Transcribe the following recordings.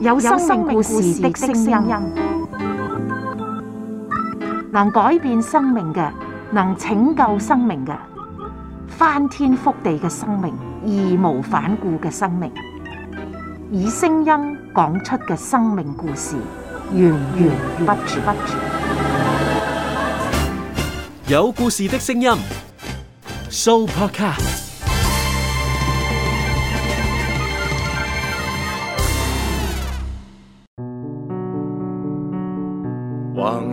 有生命故事的聲音，能改變生命嘅，能拯救生命嘅，翻天覆地嘅生命，義無反顧嘅生命，以聲音講出嘅生命故事，源源不絕。有故事的聲音，Soupercast。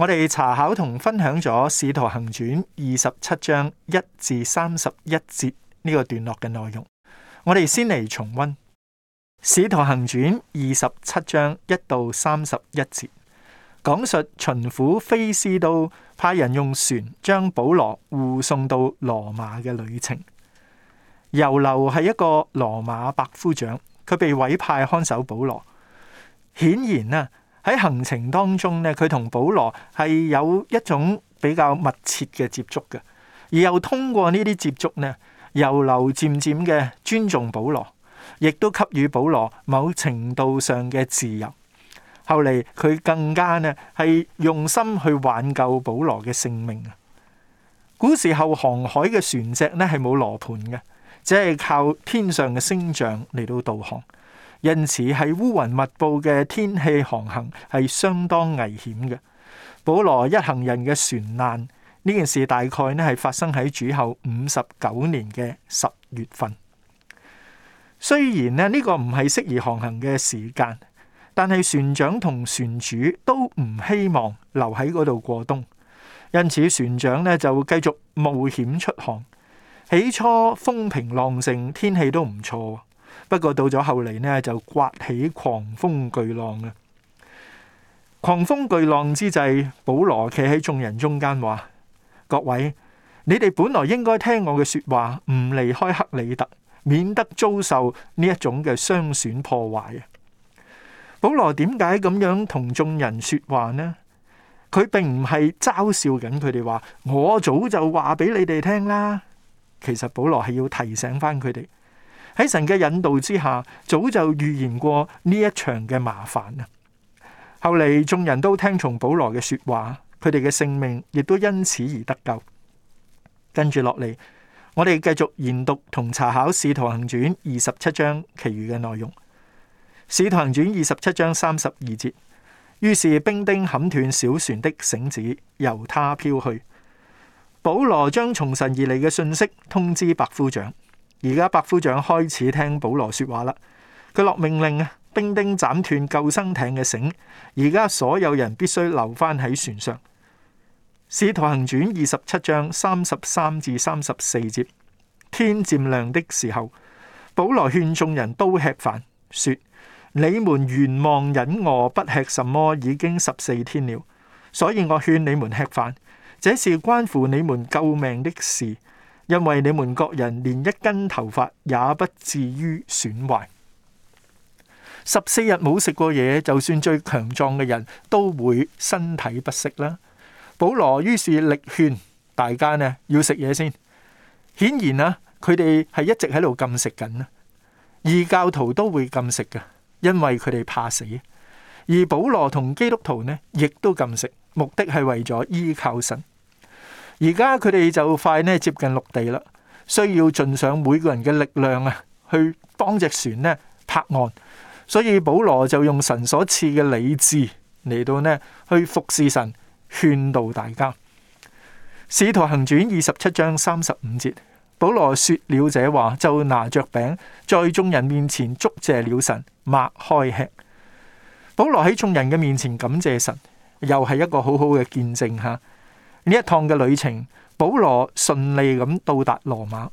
我哋查考同分享咗《使徒行傳》二十七章一至三十一節呢個段落嘅內容。我哋先嚟重溫《使徒行傳》二十七章一到三十一節，講述巡撫非斯都派人用船將保羅護送到羅馬嘅旅程。猶流係一個羅馬百夫長，佢被委派看守保羅。顯然呢，喺行程當中咧，佢同保羅係有一種比較密切嘅接觸嘅，而又通過觸呢啲接觸呢，猶流漸漸嘅尊重保羅，亦都給予保羅某程度上嘅自由。後嚟佢更加呢係用心去挽救保羅嘅性命。古時候航海嘅船隻呢係冇羅盤嘅，只係靠天上嘅星象嚟到導航。因此，喺烏雲密布嘅天氣航行，係相當危險嘅。保羅一行人嘅船難呢件事，大概呢係發生喺主後五十九年嘅十月份。雖然呢呢個唔係適宜航行嘅時間，但係船長同船主都唔希望留喺嗰度過冬，因此船長呢就繼續冒險出航。起初風平浪靜，天氣都唔錯。不過到咗後嚟呢，就颳起狂風巨浪啊！狂風巨浪之際，保羅企喺眾人中間話：各位，你哋本來應該聽我嘅說話，唔離開克里特，免得遭受呢一種嘅傷損破壞啊！保羅點解咁樣同眾人說話呢？佢並唔係嘲笑緊佢哋話，我早就話俾你哋聽啦。其實保羅係要提醒翻佢哋。喺神嘅引導之下，早就預言過呢一場嘅麻煩啦。後嚟眾人都聽從保羅嘅說話，佢哋嘅性命亦都因此而得救。跟住落嚟，我哋繼續研讀同查考《使徒行傳》二十七章其餘嘅內容，《使徒行傳》二十七章三十二節。於是兵丁砍，砍斷小船的繩子，由他飄去。保羅將從神而嚟嘅信息通知百夫長。而家百夫長開始聽保羅說話啦。佢落命令啊，兵丁斬，斬斷救生艇嘅繩。而家所有人必須留翻喺船上。使徒行傳二十七章三十三至三十四節。天漸亮的時候，保羅勸眾人都吃飯，說：你們懸望忍餓不吃什麼已經十四天了，所以我勸你們吃飯，這是關乎你們救命的事。因為你們各人連一根頭髮也不至於損壞。十四日冇食過嘢，就算最強壯嘅人都會身體不適啦。保羅於是力勸大家呢要食嘢先。顯然啊，佢哋係一直喺度禁食緊啊。異教徒都會禁食嘅，因為佢哋怕死。而保羅同基督徒呢，亦都禁食，目的係為咗依靠神。而家佢哋就快咧接近陸地啦，需要盡上每個人嘅力量啊，去幫隻船咧泊岸。所以保羅就用神所賜嘅理智嚟到咧去服侍神，勸導大家。使徒行傳二十七章三十五節，保羅說了這話，就拿着餅在眾人面前祝謝了神，擘開吃。保羅喺眾人嘅面前感謝神，又係一個好好嘅見證吓。呢一趟嘅旅程，保羅順利咁到達羅馬，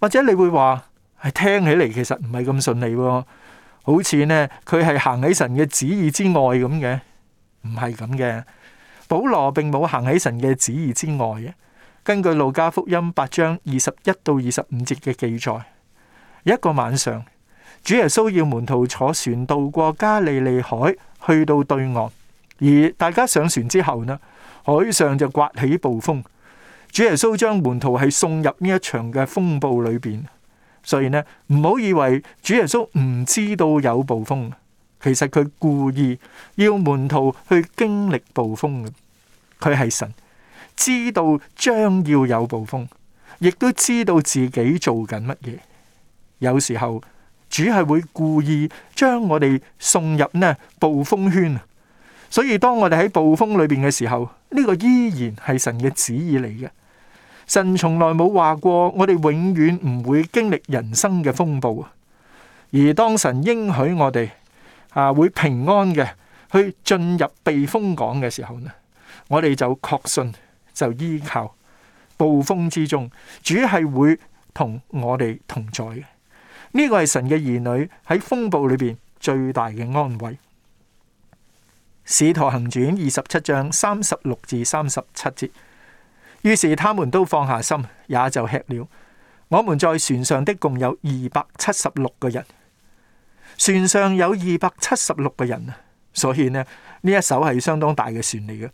或者你會話係聽起嚟其實唔係咁順利，好似呢佢係行喺神嘅旨意之外咁嘅，唔係咁嘅。保羅並冇行喺神嘅旨意之外嘅。根據路加福音八章二十一到二十五節嘅記載，一個晚上，主耶穌要門徒坐船渡過加利利海去到對岸，而大家上船之後呢？海上就刮起暴風，主耶穌將門徒係送入呢一場嘅風暴裏邊，所以呢唔好以為主耶穌唔知道有暴風，其實佢故意要門徒去經歷暴風嘅，佢係神知道將要有暴風，亦都知道自己做緊乜嘢。有時候主係會故意將我哋送入呢暴風圈，所以當我哋喺暴風裏邊嘅時候，呢個依然係神嘅旨意嚟嘅，神從來冇話過我哋永遠唔會經歷人生嘅風暴啊！而當神應許我哋啊會平安嘅去進入避風港嘅時候呢，我哋就確信就依靠暴風之中，主係會同我哋同在嘅。呢個係神嘅兒女喺風暴裏邊最大嘅安慰。使徒行傳二十七章三十六至三十七節，於是他們都放下心，也就吃了。我們在船上的共有二百七十六個人，船上有二百七十六個人，所以呢，呢一艘係相當大嘅船嚟嘅。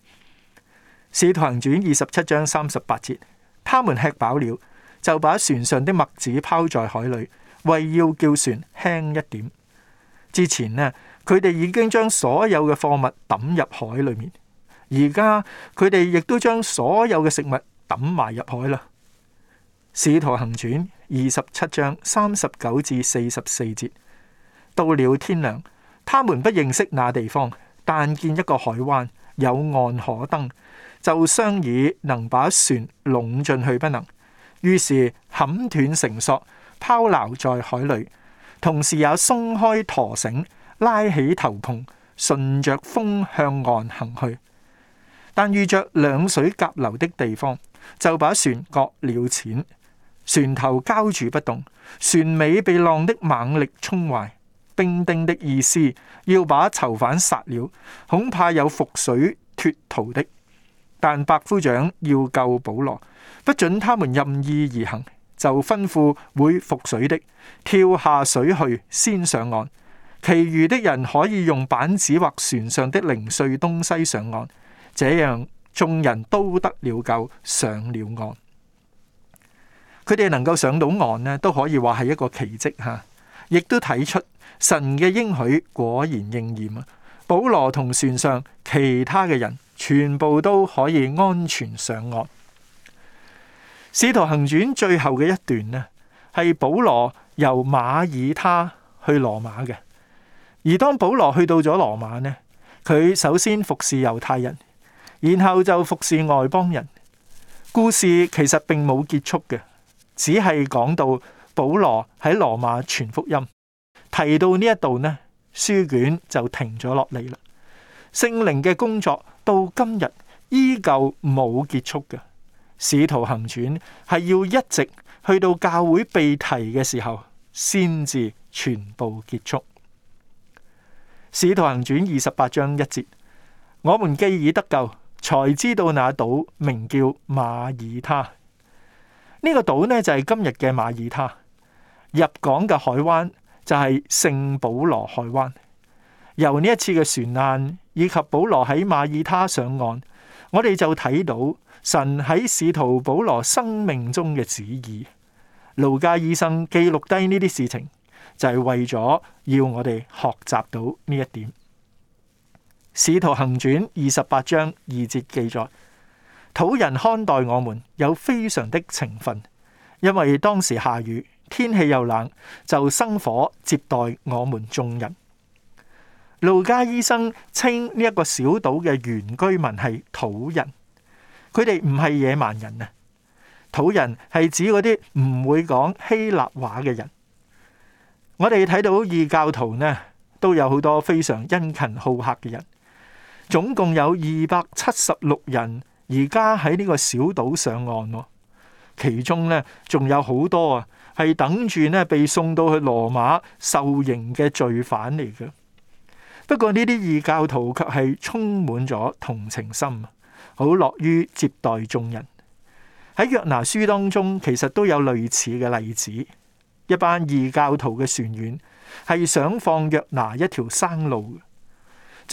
使徒行傳二十七章三十八節，他們吃飽了，就把船上的麥子拋在海裡，為要叫船輕一點。之前呢，佢哋已經將所有嘅貨物抌入海裡面，而家佢哋亦都將所有嘅食物抌埋入海啦。《使徒行傳》二十七章三十九至四十四節，到了天亮，他們不認識那地方，但見一個海灣，有岸可登，就商議能把船攏進去不能。於是砍斷繩索，拋拋在海裏，同時也鬆開舵繩。拉起頭篷，順着風向岸行去，但遇着兩水夾流的地方，就把船擱了淺。船頭膠住不動，船尾被浪的猛力衝壞。兵丁的意思要把囚犯殺了，恐怕有覆水脱逃的。但百夫長要救保羅，不准他們任意而行，就吩咐會覆水的跳下水去，先上岸。其餘的人可以用板子或船上的零碎東西上岸，這樣眾人都得了救，上了岸。佢哋能夠上到岸咧，都可以話係一個奇蹟吓，亦都睇出神嘅應許果然應驗啊。保羅同船上其他嘅人全部都可以安全上岸。使徒行傳最後嘅一段咧，係保羅由馬爾他去羅馬嘅。而當保羅去到咗羅馬呢，佢首先服侍猶太人，然後就服侍外邦人。故事其實並冇結束嘅，只係講到保羅喺羅馬傳福音，提到呢一度呢，書卷就停咗落嚟啦。聖靈嘅工作到今日依舊冇結束嘅，使徒行傳係要一直去到教會被提嘅時候，先至全部結束。使徒行傳二十八章一節，我們既已得救，才知道那島名叫馬耳他。呢、這個島呢就係、是、今日嘅馬耳他。入港嘅海灣就係聖保羅海灣。由呢一次嘅船難以及保羅喺馬耳他上岸，我哋就睇到神喺使徒保羅生命中嘅旨意。路加醫生記錄低呢啲事情。就係為咗要我哋學習到呢一點，《使徒行傳》二十八章二節記載，土人看待我們有非常的情分，因為當時下雨，天氣又冷，就生火接待我們眾人。路加醫生稱呢一個小島嘅原居民係土人，佢哋唔係野蠻人啊，土人係指嗰啲唔會講希臘話嘅人。我哋睇到異教徒呢，都有好多非常殷勤好客嘅人，總共有二百七十六人，而家喺呢個小島上岸，哦，其中呢，仲有好多啊，係等住呢被送到去羅馬受刑嘅罪犯嚟嘅。不過呢啲異教徒卻係充滿咗同情心，好樂於接待眾人。喺約拿書當中，其實都有類似嘅例子。一班異教徒嘅船員係想放約拿一條生路嘅，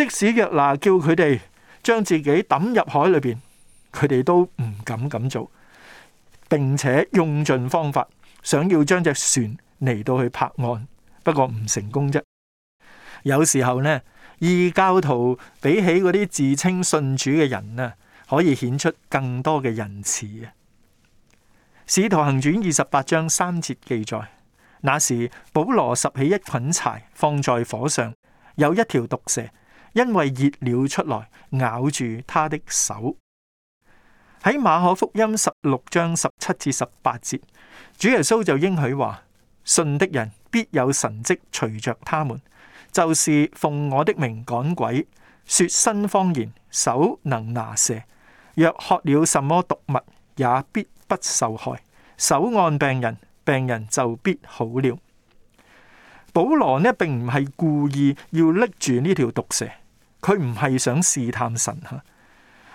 即使約拿叫佢哋將自己抌入海裏邊，佢哋都唔敢咁做，並且用盡方法想要將隻船嚟到去泊岸，不過唔成功啫。有時候呢，異教徒比起嗰啲自稱信主嘅人啊，可以顯出更多嘅仁慈啊。《使徒行傳》二十八章三節記載。那時保羅拾起一捆柴放在火上，有一條毒蛇因為熱了出來咬住他的手。喺《馬可福音十六章十七至十八節》，主耶穌就應許話：信的人必有神蹟隨着他們，就是奉我的名趕鬼，說新方言，手能拿蛇，若喝了什麼毒物也必不受害，手按病人。病人就必好了。保羅呢，並唔係故意要拎住呢條毒蛇，佢唔係想試探神吓。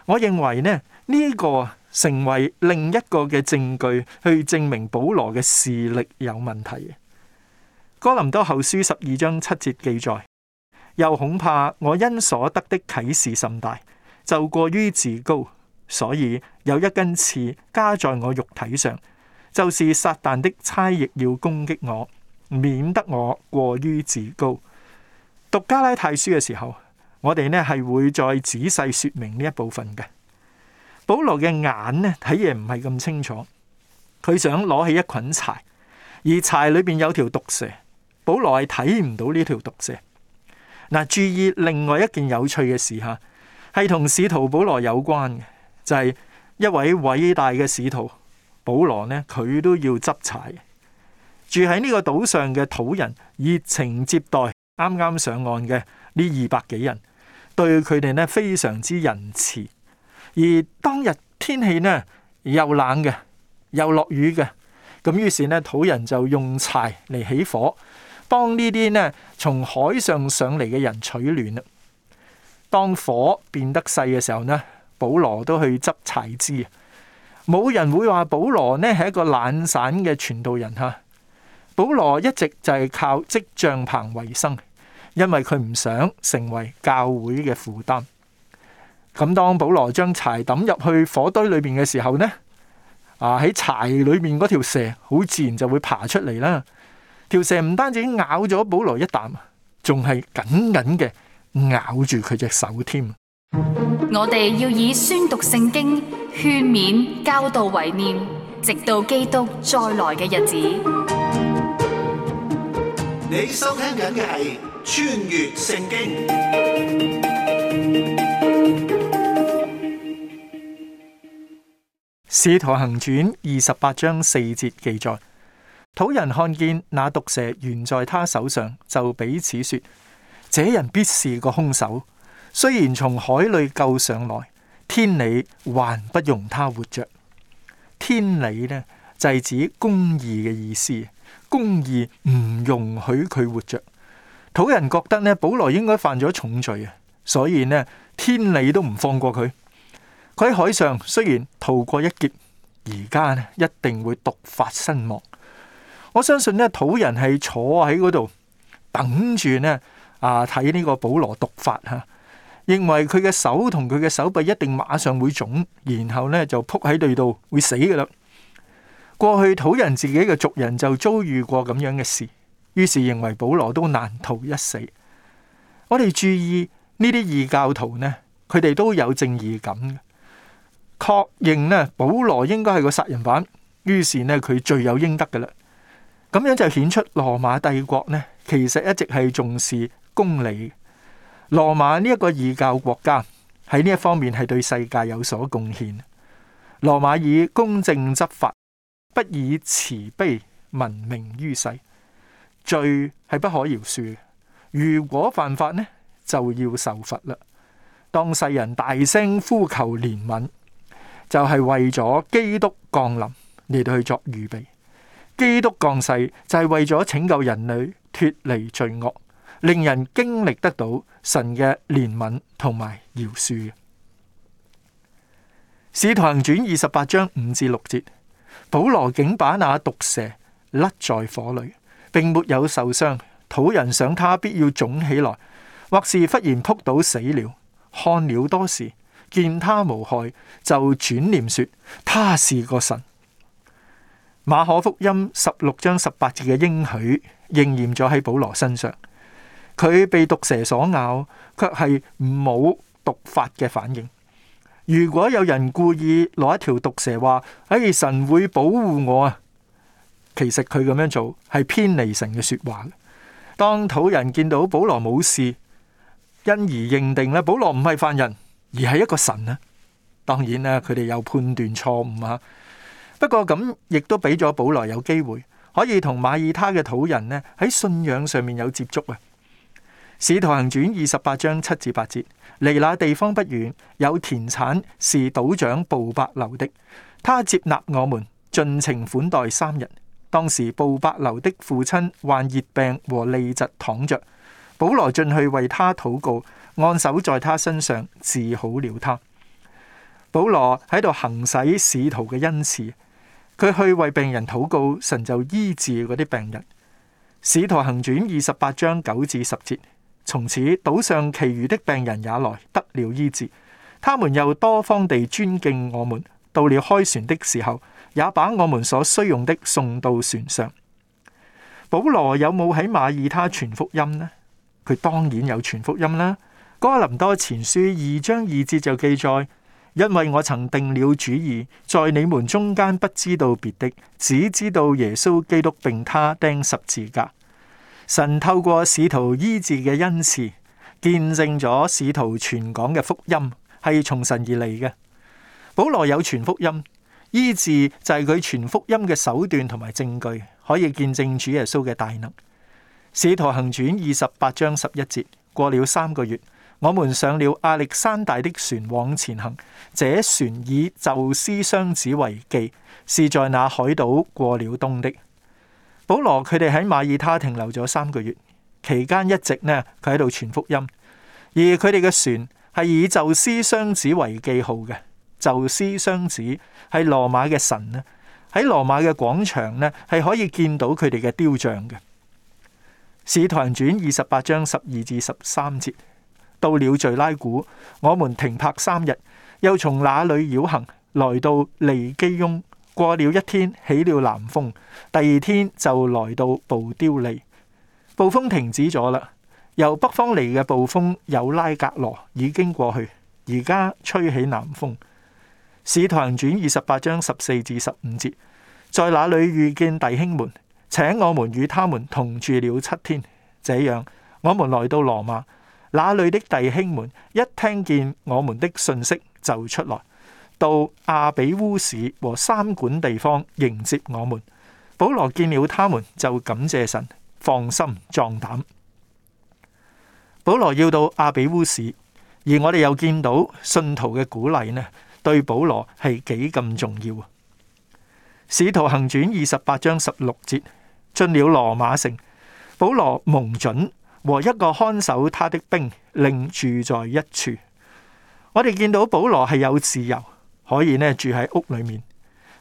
我認為呢呢個成為另一個嘅證據，去證明保羅嘅視力有問題。哥林多後書十二章七節記載，又恐怕我因所得的啟示甚大，就過於自高，所以有一根刺加在我肉體上。就是撒旦的差役要攻擊我，免得我過於自高。讀加拉太書嘅時候，我哋呢係會再仔細說明呢一部分嘅。保羅嘅眼呢睇嘢，唔係咁清楚，佢想攞起一捆柴，而柴裏邊有條毒蛇。保羅係睇唔到呢條毒蛇。嗱，注意另外一件有趣嘅事吓，係同使徒保羅有關嘅，就係、是、一位偉大嘅使徒。保羅呢，佢都要執柴。住喺呢個島上嘅土人熱情接待啱啱上岸嘅呢二百幾人，對佢哋呢非常之仁慈。而當日天氣呢又冷嘅，又落雨嘅，咁於是呢土人就用柴嚟起火，幫呢啲呢從海上上嚟嘅人取暖啦。當火變得細嘅時候呢，保羅都去執柴枝。冇人會話保羅呢係一個懶散嘅傳道人吓，保羅一直就係靠織帳篷為生，因為佢唔想成為教會嘅負擔。咁當保羅將柴抌入去火堆裏面嘅時候呢，啊喺柴裏面嗰條蛇，好自然就會爬出嚟啦。條蛇唔單止咬咗保羅一啖，仲係緊緊嘅咬住佢隻手添。我哋要以宣讀聖經。勸勉、教導、懷念，直到基督再來嘅日子。你收聽緊嘅係《穿越聖經》。使徒行傳二十八章四節記載：土人看見那毒蛇懸在他手上，就彼此說：這人必是個兇手。雖然從海裏救上來。天理還不容他活着，天理呢，就係指公義嘅意思，公義唔容許佢活着。土人覺得呢，保羅應該犯咗重罪啊，所以呢，天理都唔放過佢。佢喺海上雖然逃過一劫，而家呢，一定會毒發身亡。我相信呢，土人係坐喺嗰度等住呢，啊睇呢個保羅毒發吓。認為佢嘅手同佢嘅手臂一定馬上會腫，然後咧就撲喺地度會死噶啦。過去土人自己嘅族人就遭遇過咁樣嘅事，於是認為保羅都難逃一死。我哋注意呢啲異教徒呢，佢哋都有正義感，確認呢，保羅應該係個殺人犯，於是呢，佢罪有應得噶啦。咁樣就顯出羅馬帝國呢，其實一直係重視公理。羅馬呢一個異教國家喺呢一方面係對世界有所貢獻。羅馬以公正執法，不以慈悲聞名於世。罪係不可饒恕。如果犯法呢，就要受罰啦。當世人大聲呼求憐憫，就係為咗基督降臨你哋去作預備。基督降世就係為咗拯救人類脫離罪惡。令人經歷得到神嘅憐憫同埋饒恕嘅。《使徒行傳》二十八章五至六節，保羅竟把那毒蛇甩在火裏，並沒有受傷。土人想他必要腫起來，或是忽然撲倒死了。看了多時，見他無害，就轉念說他是個神。馬可福音十六章十八節嘅應許應驗咗喺保羅身上。佢被毒蛇所咬，卻係冇毒發嘅反應。如果有人故意攞一條毒蛇話，哎，神會保護我啊！其實佢咁樣做係偏離神嘅說話嘅。當土人見到保羅冇事，因而認定咧，保羅唔係犯人，而係一個神啊。當然啦，佢哋有判斷錯誤吓，不過咁亦都俾咗保羅有機會可以同馬爾他嘅土人咧喺信仰上面有接觸啊。使徒行傳二十八章七至八節，離那地方不遠，有田產是島長布伯流的。他接納我們，盡情款待三日。當時布伯流的父親患熱病和痢疾，躺着。保羅進去為他禱告，按手在他身上治好了他。保羅喺度行使使徒嘅恩賜，佢去為病人禱告，神就醫治嗰啲病人。使徒行傳二十八章九至十節。從此島上其餘的病人也來得了醫治，他們又多方地尊敬我們。到了開船的時候，也把我們所需用的送到船上。保羅有冇喺馬耳他傳福音呢？佢當然有傳福音啦。哥林多前書二章二節就記載：因為我曾定了主意，在你們中間不知道別的，只知道耶穌基督並他釘十字架。神透過使徒醫治嘅恩賜，見證咗使徒傳講嘅福音係從神而嚟嘅。保羅有傳福音，醫治就係佢傳福音嘅手段同埋證據，可以見證主耶穌嘅大能。使徒行傳二十八章十一節，過了三個月，我們上了亞歷山大的船往前行，這船以宙斯雙子為記，是在那海島過了冬的。保羅佢哋喺馬耳他停留咗三個月，期間一直呢佢喺度傳福音，而佢哋嘅船係以宙斯雙子為記號嘅，宙斯雙子係羅馬嘅神呢，喺羅馬嘅廣場呢係可以見到佢哋嘅雕像嘅。使徒行傳二十八章十二至十三節，到了敘拉古，我們停泊三日，又從那裏繞行來到尼基翁。過了一天，起了南風，第二天就來到布雕尼。暴風停止咗啦，由北方嚟嘅暴風有拉格羅已經過去，而家吹起南風。使徒行傳二十八章十四至十五節，在那裏遇見弟兄們，請我們與他們同住了七天。這樣，我們來到羅馬，那裏的弟兄們一聽見我們的訊息就出來。到亞比烏市和三館地方迎接我們。保羅見了他們，就感謝神，放心壯膽。保羅要到亞比烏市，而我哋又見到信徒嘅鼓勵呢，對保羅係幾咁重要啊？使徒行傳二十八章十六節，進了羅馬城，保羅蒙准,准和一個看守他的兵，另住在一處。我哋見到保羅係有自由。可以呢住喺屋裏面，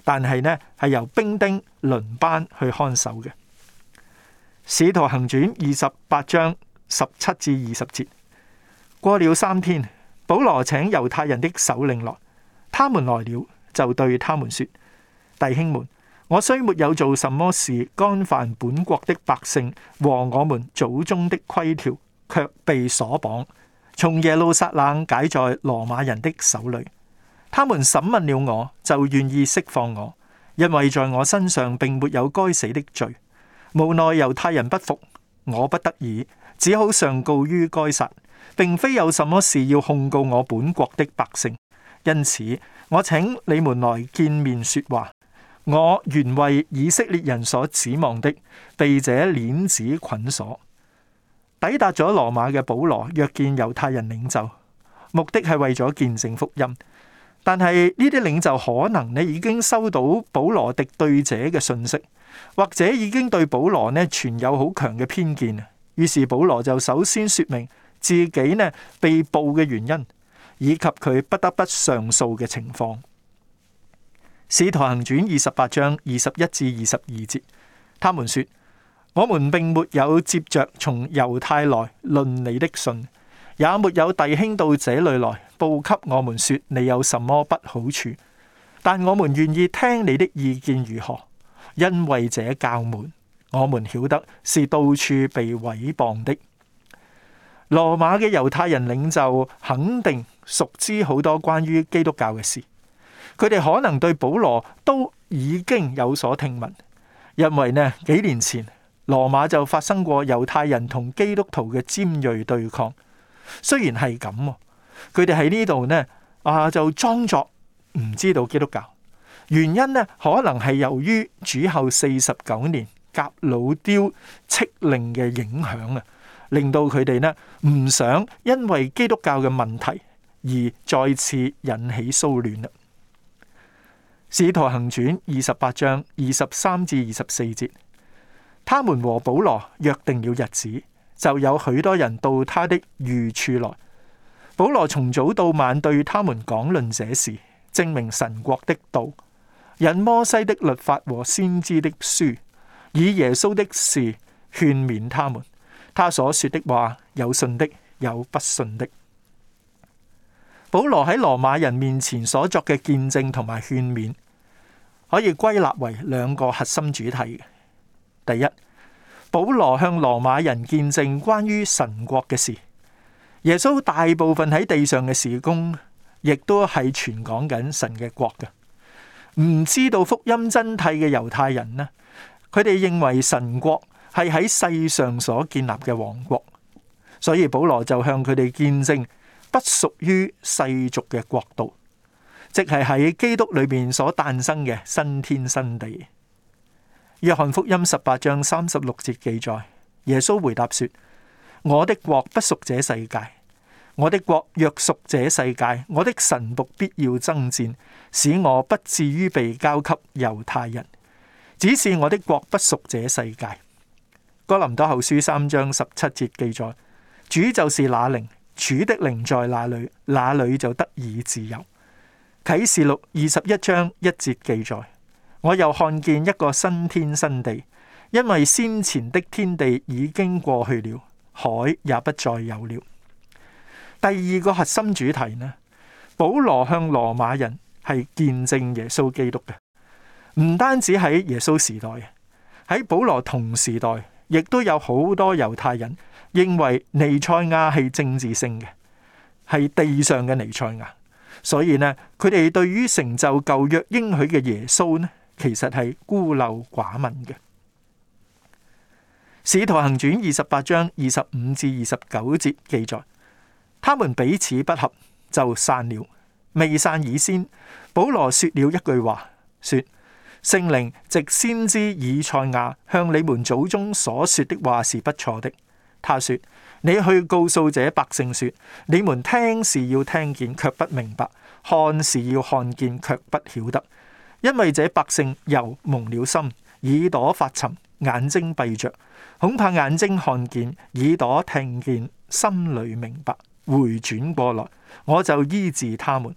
但係呢係由兵丁輪班去看守嘅。使徒行傳二十八章十七至二十節，過了三天，保羅請猶太人的首領來，他們來了就對他們說：弟兄們，我雖沒有做什麼事，干犯本國的百姓和我們祖宗的規條，卻被鎖綁，從耶路撒冷解在羅馬人的手裏。他們審問了我，就願意釋放我，因為在我身上並沒有該死的罪。無奈猶太人不服，我不得已只好上告於該撒，並非有什麼事要控告我本國的百姓。因此，我請你們來見面說話。我原為以色列人所指望的，被這鏈子捆鎖。抵達咗羅馬嘅保羅，約見猶太人領袖，目的係為咗見證福音。但係呢啲領袖可能你已經收到保羅敵對者嘅信息，或者已經對保羅呢存有好強嘅偏見。於是保羅就首先說明自己呢被捕嘅原因，以及佢不得不上訴嘅情況。使徒行傳二十八章二十一至二十二節，他們說：我們並沒有接着從猶太來論你的信。也沒有弟兄到這裏來報給我們說你有什麼不好處，但我們願意聽你的意見如何，因為這教門我們曉得是到處被毀謗的。羅馬嘅猶太人領袖肯定熟知好多關於基督教嘅事，佢哋可能對保羅都已經有所聽聞，因為呢幾年前羅馬就發生過猶太人同基督徒嘅尖銳對抗。雖然係咁，佢哋喺呢度呢啊，就裝作唔知道基督教。原因呢，可能係由於主後四十九年甲老雕敕令嘅影響啊，令到佢哋呢唔想因為基督教嘅問題而再次引起騷亂啦。使徒行傳二十八章二十三至二十四節，他們和保羅約定了日子。就有許多人到他的寓處來。保羅從早到晚對他們講論這事，證明神國的道，引摩西的律法和先知的書，以耶穌的事勸勉他們。他所說的話，有信的有不信的。保羅喺羅馬人面前所作嘅見證同埋勸勉，可以歸納為兩個核心主題。第一。保羅向羅馬人見證關於神國嘅事。耶穌大部分喺地上嘅事工，亦都係傳講緊神嘅國嘅。唔知道福音真諦嘅猶太人呢，佢哋認為神國係喺世上所建立嘅王國，所以保羅就向佢哋見證不屬於世俗嘅國度，即係喺基督裏面所誕生嘅新天新地。約翰福音十八章三十六節記載，耶穌回答說：我的國不屬這世界。我的國若屬這世界，我的臣僕必要爭戰，使我不至於被交給猶太人。只是我的國不屬這世界。哥林多後書三章十七節記載：主就是那靈，主的靈在哪裏，哪裏就得以自由。啟示錄二十一章一節記載。我又看見一個新天新地，因為先前的天地已經過去了，海也不再有了。第二個核心主題呢，保羅向羅馬人係見證耶穌基督嘅，唔單止喺耶穌時代，喺保羅同時代，亦都有好多猶太人認為彌賽亞係政治性嘅，係地上嘅彌賽亞，所以呢，佢哋對於成就舊約應許嘅耶穌呢，其實係孤陋寡聞嘅。《使徒行傳》二十八章二十五至二十九節記載，他們彼此不合就散了。未散已先，保羅說了一句話，說：聖靈直先知以賽亞向你們祖宗所說的話是不錯的。他說：你去告訴這百姓說，你們聽是要聽見，卻不明白；看是要看見，卻不曉得。因為這百姓油蒙了心，耳朵發沉，眼睛閉着，恐怕眼睛看見，耳朵聽見，心裏明白，回轉過來，我就醫治他們。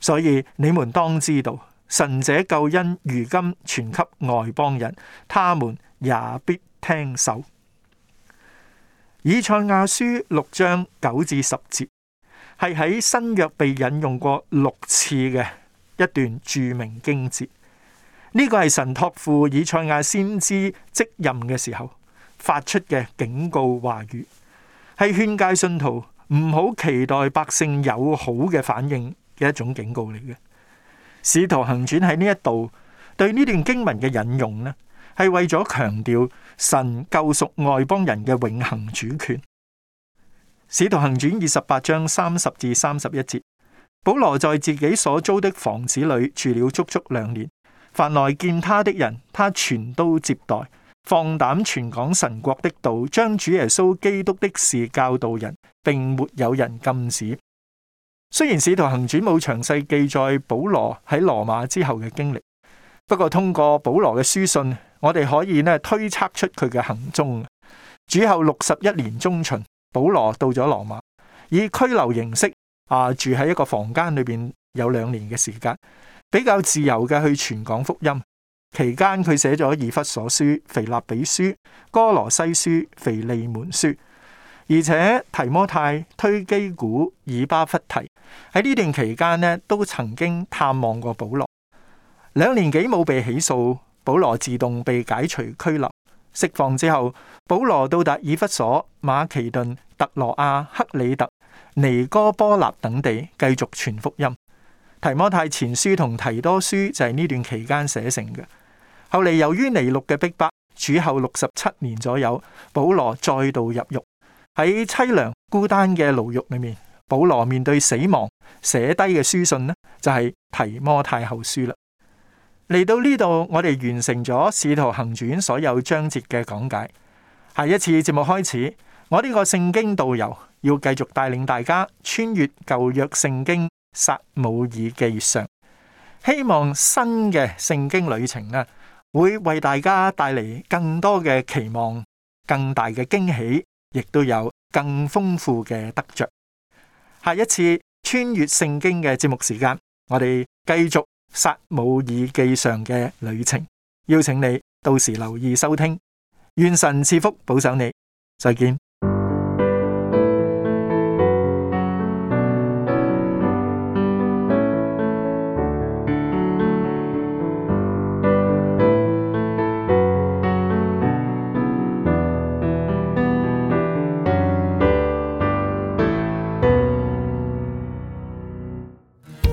所以你們當知道，神這救恩如今傳給外邦人，他們也必聽受。以賽亞書六章九至十節，係喺新約被引用過六次嘅。一段著名經節，呢、這個係神託付以賽亞先知職任嘅時候發出嘅警告話語，係勸誡信徒唔好期待百姓友好嘅反應嘅一種警告嚟嘅。使徒行傳喺呢一度對呢段經文嘅引用呢，係為咗強調神救贖外邦人嘅永恆主權。使徒行傳二十八章三十至三十一節。保羅在自己所租的房子裏住了足足兩年，凡來見他的人，他全都接待，放膽傳講神國的道，將主耶穌基督的事教導人，並沒有人禁止。雖然使徒行傳冇詳細記載保羅喺羅馬之後嘅經歷，不過通過保羅嘅書信，我哋可以呢推測出佢嘅行蹤。主後六十一年中旬，保羅到咗羅馬，以拘留形式。啊！住喺一個房間裏邊有兩年嘅時間，比較自由嘅去全港福音。期間佢寫咗以弗所書、腓立比書、哥羅西書、腓利門書，而且提摩太、推基古、以巴弗提。喺呢段期間呢，都曾經探望過保羅。兩年幾冇被起訴，保羅自動被解除拘留，釋放之後，保羅到達以弗所、馬其頓、特羅亞、克里特。尼哥波納等地繼續傳福音。提摩太前書同提多書就係呢段期間寫成嘅。後嚟由於尼祿嘅逼迫，主後六十七年左右，保羅再度入獄，喺淒涼孤單嘅牢獄裏面，保羅面對死亡寫低嘅書信呢，就係提摩太後書啦。嚟到呢度，我哋完成咗使徒行傳所有章節嘅講解。下一次節目開始，我呢個聖經導遊。要繼續帶領大家穿越舊約聖經《撒母耳記上》，希望新嘅聖經旅程呢，會為大家帶嚟更多嘅期望、更大嘅驚喜，亦都有更豐富嘅得著。下一次穿越聖經嘅節目時間，我哋繼續《撒母耳記上》嘅旅程，邀請你到時留意收聽。願神賜福保守你，再見。